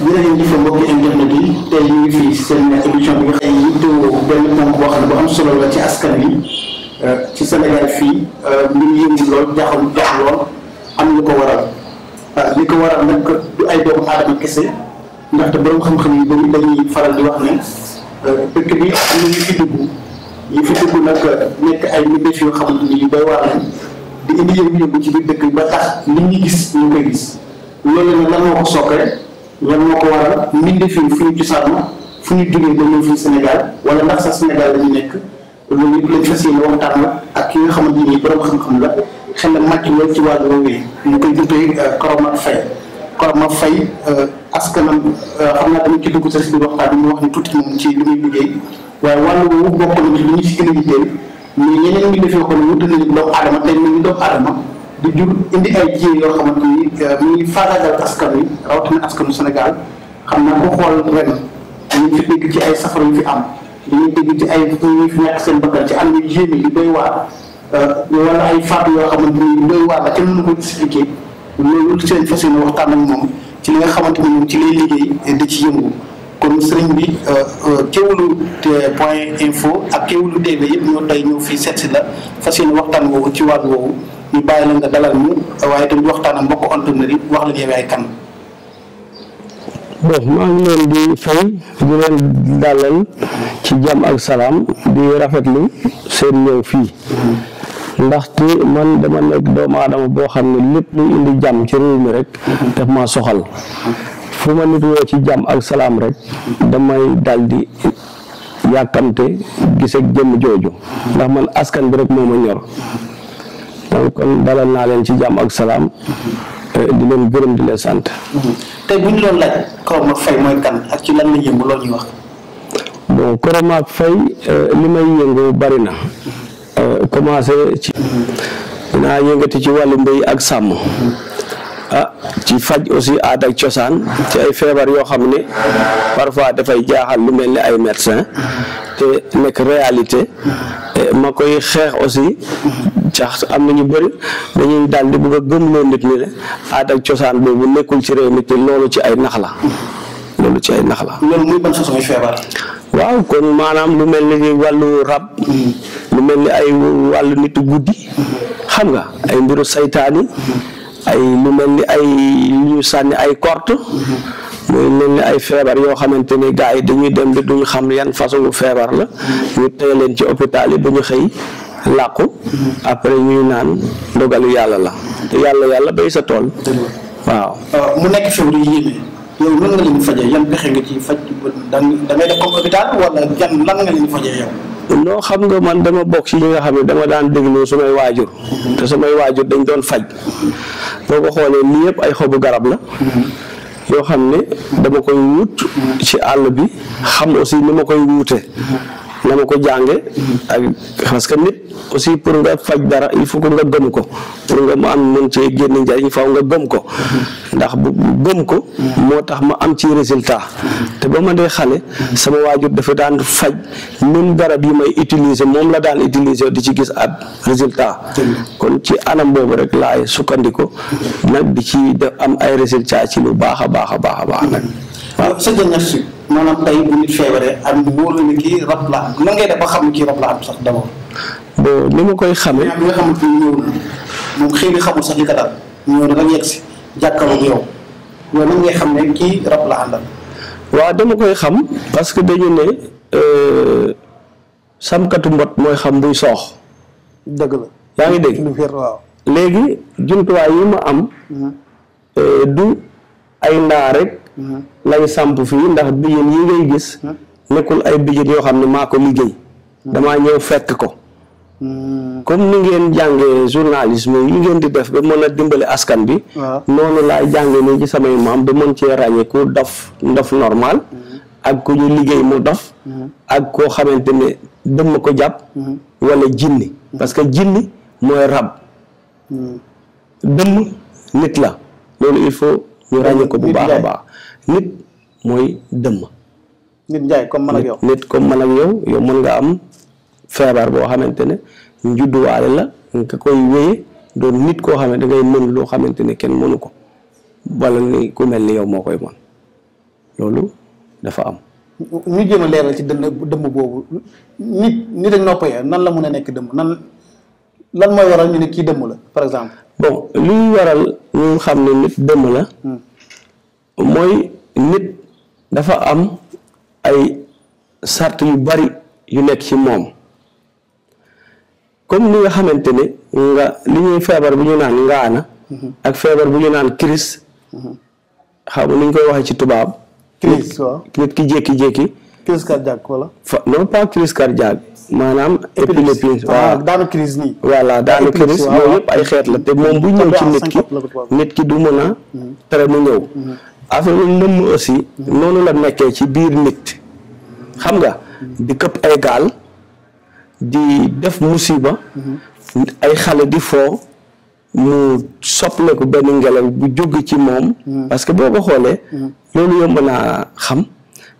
ñu leen di fa mbokk internet yi tey ñu ngi fi seen émission bi nga xam ne yittewoo benn ponk boo xam ne bu am solo la ci askan wi ci Sénégal fii mbir yëngu lool jaaxal jaax lool am lu ko waral li ko waral nag du ay doomu aadama kese ndaxte borom xam-xam yi bëri dañuy faral di wax ne dëkk bi am na ñu fi dugg ñu fi dugg nag nekk ay mbindeef yoo xamante ni yu doy waar lañ di indi yëngu-yëngu ci biir dëkk bi ba tax nit ñi gis ñu koy gis loolu nag lan moo ko sokkee lan moo ko waral mbindi fii fu ñu cosaanoo fu ñu jógee ba ñëw fii Sénégal wala ndax sax Sénégal la nekk loolu yëpp lañ fas yéene waxtaan la ak ki nga xamante ni borom xam-xam la xel la màcc lool ci wàllu woowu koy duppee euh, Koromack Faye Koromack Faye euh, askanam euh, xam naa tamit bi mu wax ni tuuti ci li muy liggéey waaye wàllu woowu bokk na ci li ñu si gën a yitteel mais yeneen mbindi fii yoo xam ne wuute doomu aadama tey nañu doomu aadama di jur indi ay ji yoo xamante ni euh, mu ngi faagaagal askan wi rawatina askanu Sénégal xam naa ko xool ren dañuy dégg ci ay safara yu fi am dañuy dégg ci ay ñu fi ñàkk seen bakkan ci am yu yéeme yu doy waar euh, wala yoo xamante ni doy waar la kenn loolu ci lañ fas yéene waxtaan ak moom ci li nga xamante ni moom ci lay liggéey da ci yëngu kon bi euh, Kéwoulo point info ak Kéwoulo TV yëpp ñoo ñëw fii seet si fas yéene waxtaan woowu ci wàll woowu ñu bàyyi la nga dalal ñu waaye ci jàmm ak salaam di rafetlu seen ñëw fii ndaxte man dama nekk doomu aadama boo xam ne lépp luy indi jàmm ci réew mi rek daf maa soxal fu ma nit woo ci jàmm ak salaam rek damay daldi yàkkamte gis ak jëmm jooju ndax man askan bi rek moo ma ñor donc kon dalal naa leen ci jàmm ak salaam di leen gërëm di leen sant. tey bu ñu doon laaj Koroma Faye ak ci la yëngu loo ñuy wax. bon Koroma Faye euh, li may yëngu bari na euh, commencé ci. dinaa yëngati ci wàllu mbéy ak sàmm. ah ci faj aussi aada ak cosaan ci ay feebar yoo xam ne parfois dafay jaaxal lu mel ni ay médecin te nekk réalité ma koy xeex aussi ca am na ñu bari dañuy daal di bëgg a nit ñi ne aada cosaan boobu nekkul ci réew mi te loolu ci ay nax la loolu ci ay nax la. loolu feebar. waaw kon maanaam lu mel ni wàllu rab. lu mel ni ay wàllu nitu guddi. xam nga ay mbiru saytaani. ay lu mel ni ay ñu sànni ay korte muy mel ni ay feebar yoo xamante ni gars yi dañuy dem duñu xam yan façon feebar la ñu teye leen ci hôpital yi bu ñu xëy làqu après ñuy naan ndogalu yàlla la te yàlla yàlla béy sa tool waaw euh, mu nekk feebar yu yéeme yow nan nga leen fajee yan pexe nga ci faj noo xam nga man dama bokk ci ñi nga xam ne dama daan déglu samay waajur te samay waajur dañ doon faj boo ko xoolee lii yëpp ay xobu garab la yoo xam ne dama koy wut ci àll bi xam aussi ni ma koy wuute na ma ko jànge ak parce que nit aussi pour nga faj dara il faut que nga gëm ko pour nga ma am mën cee génn njariñ faaw nga gëm ko ndax bu gëm ko moo tax ma am ci résultat te ba ma dee xale sama waajur dafa daan faj même garab yi may utiliser moom la daan utiliser di ci gis at résultat kon ci anam boobu rek laay sukkandiku nag di ci def am ay résultat ci lu baax a baax a baax a baax nag maanaam sa jël nafsi maanaam tey bu nit feebaree ak mu wóor la ni kii rab la am ngay def ba xam kii rab la am sax d' bon ni ma koy xamee. nga xamante ni ñëw na moom xëy na xamul sax li ko dal ñëw na rek yegg si yow yow nan ngay xam am. du ay ndaa lay samp fi ndax bijen yi ngay gis nekul ay bijen yo xamni ne liggey ko ñew fekk ko hmm. comme ni ngeen jàngee journalisme yi ngeen di def ba mën a askan bi noonu laa jàngee ni ci samay maam ba mën cee ràññee ku dof ndof normal hmm. ak ku ñu liggéey mu dof hmm. ak ko xamante ne dëmm ko jàpp wala jinni parce que jinni mooy rab dëmm nit la loolu il faut ñu ko bu baax baax nit mooy dëmm. nit njaay comme man ak yow nit comme man ak yow yow mën nga am feebar boo xamante ne njudduwaale la nga koy wéye doon nit koo xam ne da ngay mën loo xamante ne kenn mënu ko wala ni ku mel ni yow moo koy mën loolu dafa am. ñu jéem a leeral ci dënn dëmm boobu nit nit ak nopp ya nan la mun a nekk dëmm nan lan mooy waral ñu ne kii dëmm la par exemple. bon luy waral ñu xam ne nit dëmm la. Hmm. mooy nit dafa am ay sart yu bari yu nekk ci moom comme ni nga xamante ni nga li ñuy feebar bu ñu naan ngaana mhm. ak feebar bu ñu naan crise mhm. xam ni ñu koy waxee ci tubaab crise waaw nit ki jékki-jékki crise cardiaque wala fa non pas crise cardiaque maanaam épilepsie ah, waaw daanu crise nii voilà daanu crise yëpp ay xeet la te moom bu ñëw ci nit ki nit ki du mën a mhm. tere mu ñëw affaire ndëmm aussi mm-hmm. noonu la nekkee ci biir nit xam nga mm-hmm. di këpp ay gaal di def musiba mm-hmm. ay xale di foo mu sople ko benn ngelaw bu jóg ci moom parce que boo ko xoolee loolu yomb naa xam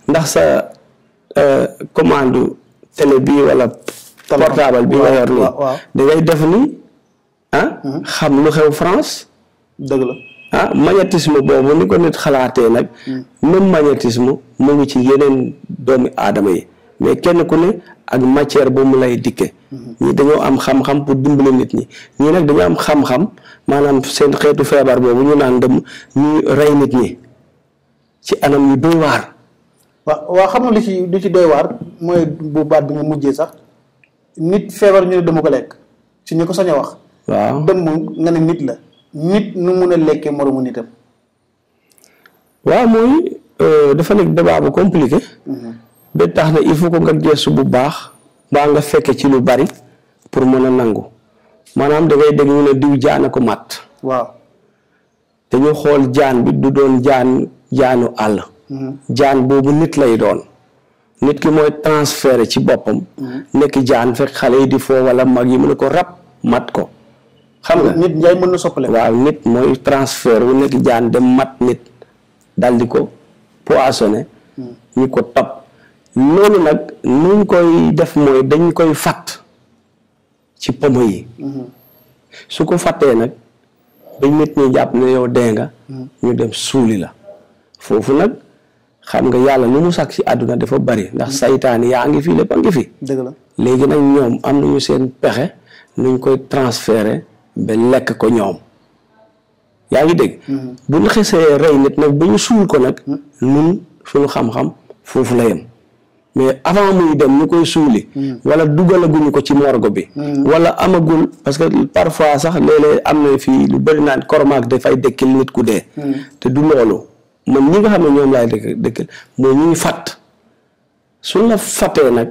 ndax sa euh, commande télé bi wala portable bi nga nii da def ni ah xam lu xew France dëgg la ah magnétisme boobu ni ko nit xalaatee nag hmm. même magnétisme mu ngi ci yeneen doomi aadama yi mais kenn ku ne ak matière bu mu lay dikke hmm. ñi dañoo am xam-xam pour dimbale nit ñi ñii nag dañoo am xam-xam maanaam seen xeetu feebar boobu ñu naan dem ñu rey nit ñi ci anam yu doy war wa wa xam nga lu ci lu ci doy waar mooy bu baat bi nga mujjee sax nit febar ñu ne ko lekk ci ñu ko sañ wax waaw dem nga ne nit la nit nu mun a lekkee moromu nitam. waaw mooy euh, dafa nekk débat bu compliqué. Mhm. tax na il faut que nga gëstu bu baax mbaa nga fekke ci lu bari pour mën a nangu maanaam da ngay dégg ñu ne diw jaana ko mat. waaw dañu xool jaan bi du doon jaan jaanu àll. Mhm. jaan boobu nit lay doon. nit ki mooy transféré ci boppam. Mhm. nekk jaan fekk xale yi di foo wala mag yi mu ne ko rab mat ko. xam nga nit njaay mën na soppale waaw nit mooy transfert wu nekk jaan dem mat nit daldi ko poissonné hmm. ñu ko topp loolu nag nuñ koy def mooy dañ koy fàtt ci pomo yi hmm. su ko fàttee nag ba nit ñi jàpp ne yow dee nga hmm. ñu dem suuli la foofu nag xam nga yàlla lu mu sàkk ci àdduna dafa bari ndax saytaani yaa ngi fi lépp a ngi fi dëgg la léegi nag ñoom am nañu seen pexe nuñ koy transféré ba lekk ko ñoom yaa ngi dégg mm-hmm. bu ñu xesee rey nit nag ba ñu suul ko nag nun mm-hmm. suñu xam-xam foofu la yem mais avant muy dem ñu koy suuli mm-hmm. wala dugalaguñu ko ci morgue bi wala amagul parce que parfois sax léeg-léeg am na fii lu bëri naan kormaak dafay dëkkil nit ku dee te du loolu man ñi nga xam ne ñoom laay dëkk dëkkil mooy ñu ngi fàtt suñ la fàttee nag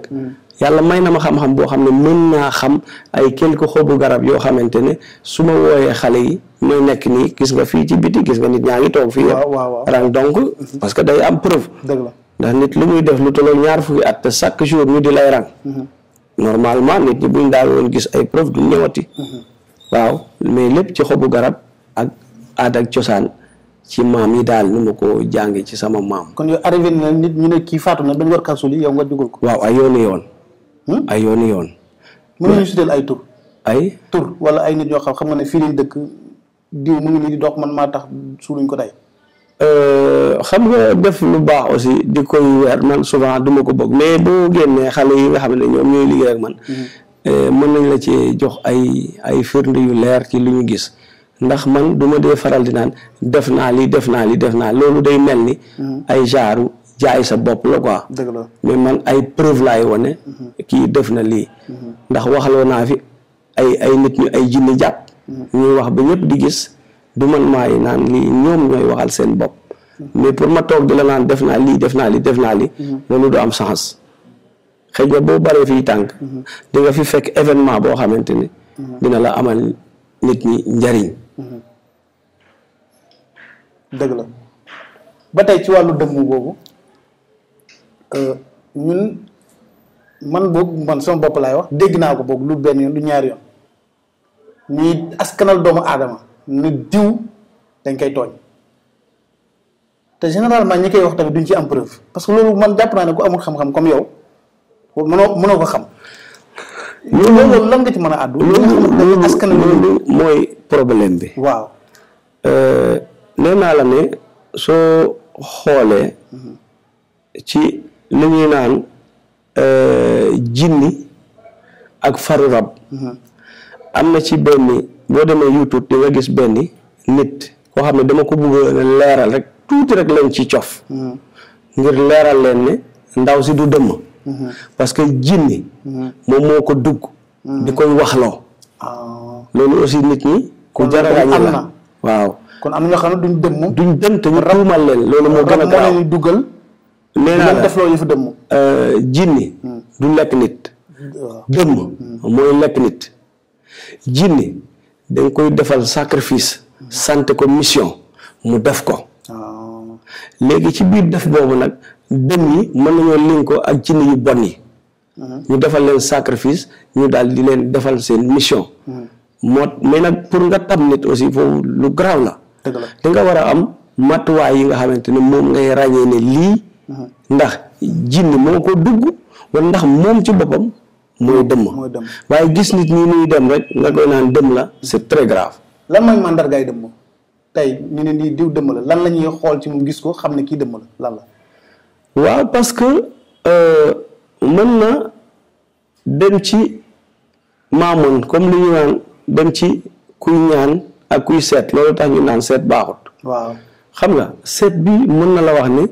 yalla may na ma xam-xam bo xamne mën na xam ay quelque xobu garab yo xamantene suma woyé xalé yi ñooy nek ni gis nga fi ci biti gis nga nit ñaa tok fi rang donc parce que day am preuve ndax nit lu muy def lu tolo ñaar fu at chaque jour ñu di lay rang mhm. normalement nit ñi buñ daal won gis ay preuve du ñewati mhm. waaw mais lepp ci xobu garab ak ad ak ciosan ci mam yi dal nu ko ci sama mam. kon yo arrivé na nit ñu ne ki fatuna na dañ war kaa yow nga duggal ko waaw ay yone yone Hmm? ay yooni yoon. mën nañu sudeel ay tur. ay tur wala ay nit yoo xam xam nga ne fii dëkk diw mu ngi nii di dox man maa tax suuluñ ko day. Euh, xam nga def lu baax aussi di koy weer man souvent duma ma ko bëgg mais boo génnee xale yi nga xam ne ñoom ñooy liggéey ak man. Hmm. Euh, mën nañ la ci jox ay ay firnde yu leer ci li ñu gis ndax man duma dee faral di naan def naa li def naa li def naa loolu day mel ni. Hmm. ay genre jaay sa bopp la ko dëgg la mais man ay preuve laay wane. Mhm. kii def na lii. Mhm. ndax waxaloo naa fi ay ay nit ñu ay jinne jàpp. Mhm. ñuy wax ba ñëpp di gis du man maay naan lii ñoom ñooy waxal seen bopp. mais pour ma toog di la naan def naa lii def naa lii def naa lii. loolu du am chance. xëy na boo baree fii tànk. di nga fi fekk événement boo xamante ni. dina la amal nit ñi njariñ. dëgg la ba tey ci wàllu dëmm boobu. Euh, ñun man boog man sama bopp laay wax dégg naa ko boog lu benn yoon lu ñaari yoon ñuy askanal doomu aadama ne diw dañ koy tooñ te généralement ñi koy wax tamit duñ ci am preuve parce que loolu man jàpp naa ne ku amul xam-xam comme yow mënoo mënoo ko xam. loolu lan nga ci mën a àddu. loolu askan mooy problème bi. waaw. Euh, nee naa la ne soo xoolee. Mhm. ci. li ñuy naan euh, jinni ak faru rab mhm. am na ci benn boo demee YouTube di nga gis benn nit koo xam ne dama ko bëgg leeral rek tuuti rek lañ ci cof mhm. ngir leeral leen ne ndaw si du dëmm mhm. parce que jinni moom moo ko dugg di koy waxloo ah. loolu aussi nit ñi ku jararañi la waaw kon am na xam ne duñ dëmm duñ dëmm te ñu tuumal leen loolu moo gën a gaaw duggal nee naa def loo ñu fa dëmm. Euh, jinni hmm. du lekk nit. dëmm hmm. mooy lekk nit. jinni dañ koy defal sacrifice. sant ko mission mu def ko. Ah. léegi ci biir def boobu nag dëmm yi mën na nañoo link ko ak jinni yu bon yi. Hmm. ñu defal leen sacrifice ñu daal di leen defal seen mission. moo mais nag pour nga tam nit aussi foofu lu graaw la. dëgg la da war a am matuwaay yi nga xamante ne moom ngay ràññee ne lii. ndax jinne moo ko dugg wala ndax moom ci boppam mooy dëmm waaye gis nit ñi nuy dem rek nga koy naan dëmm la c'est très grave lan mooy mandargaay dëmm tey ñu ne nii diw dëmm la lan la ñuy xool ci mu gis ko xam ne kii dëmm la lan la waaw parce que euh, mën na dem ci maamoon comme li ñu naan dem ci kuy ñaan ak kuy seet loolu tax ñu naan seet baaxut waaw xam nga seet bi mën na la wax ne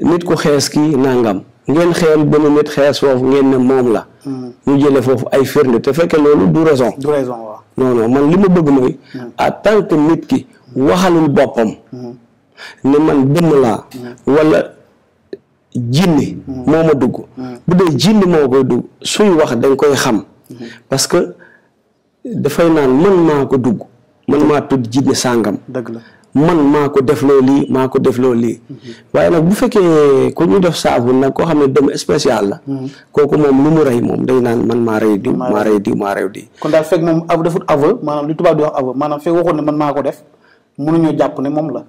nit ku xees ki nangam ngeen xeel benn nit xees foofu ngeen ne moom la. Hmm. ñu jëlee foofu ay firnde te fekkee loolu du raison. man li ma bëgg mooy. Hmm. en tant nit ki waxalul boppam. Hmm. ne man dëmm laa. wala jinni moo ma dugg. bu dee jinni moo koy dugg suy wax dañ koy xam. parce que dafay naan man maa ko dugg. man maa tudd jinni sàngam. dëgg la. man maa ko defloo lii maa ko defloo lii mhm. waaye nag bu fekkee ku ñu def saabu nag koo xam ne dem spécial la mhm. kooku moom lu mu rey moom day naan man maa rey diw maa rey diw maa rey diw kon daal fekk moom av defut aveu maanaam li tubaab di wax aveu maanaam fekk waxoon ne man maa ko def mënuñoo jàpp ne moom la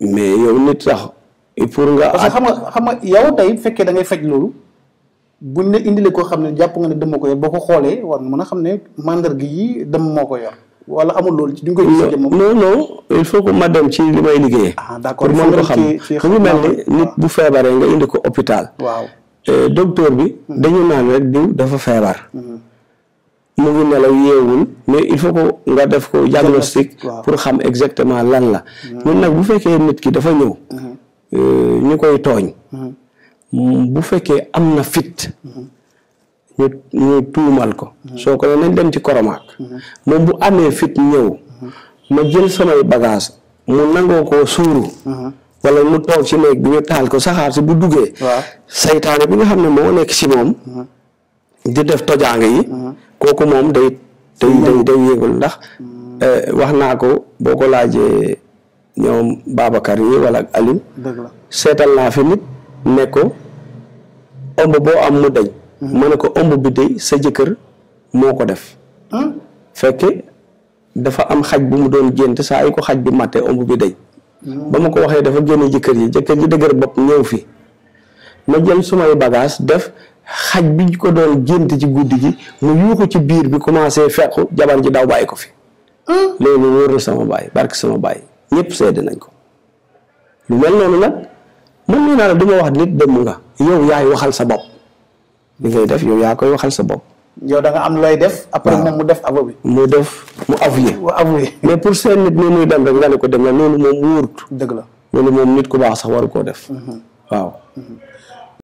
mais yow nit sax pour nga nga xam nga yow tey fekkee da ngay faj loolu buñ ne indile koo xam ne jàpp nga ne dem ma ko yor boo ko xoolee war nga mën a xam ne mandarga yi dëmm moo ko yor wala amul loolu duñ koy. gis moom non non il faut que ma dem ci li may liggéeyee. ah d'accord pour mën ko xam xam nga mel ni nit bu feebaree nga indi ko hôpital. waaw eh, docteur bi. Hmm. dañu naan rek diw dafa feebar. Hmm. mu ngi nelaw yeewul mais il faut que nga def ko diagnostic pour xam exactement lan la. ñun hmm. nag bu fekkee nit ki dafa ñëw. Eh, ñu koy tooñ. bu fekkee am na fit. ñu tuumal ko. Mhm. soo ko ne nañ dem ci koromaak. Mhm. moom bu amee fit ñëw. Mhm. ma jël samay bagage mu nangoo koo suuru. wala mu toog ci néeg bi ñu taal ko saxaar si bu duggee. seytaane bi nga xam ne moo nekk si moom. di def tojaange yi. kooku moom day day day yéegul ndax. Eh, wax naa ko boo ko laajee ñoom Babacar yi wala ak seetal naa fi nit ne ko ëmb boo am mu dañ. ma ne ko ombu bi day sa jëkër moko ko def hmm? fekke dafa am xaj bu mu doon gént sa ay ko xaj bi maté ombu bi day hmm. ba ma ko waxee dafa gënë jëkër yi jëkër yi dëgër bop ñëw fi ma jël sumay bagage def xaj bi ko doon gént ci guddi gi mu yuuxu ci biir bi commencé fekk jabar ji daw bàyyi ko fi hmm? loolu wóor sama bay, barke sama bay, ñepp seede nañ ko lu mel nonu nak man nee naa la duma wax nit dem nga yow yaay waxal sa bop li ngay def yow yaa koy waxal sa bopp. yow da am lay def. après moom mu def aveu bi. mu def mu avoué. mu avoué mais pour seen nit ñi muy dem rek nga ne ko dem na loolu moom wóorut. dëgg la loolu moom nit ku baax sax waru koo def. Mm-hmm. waaw. Mm-hmm.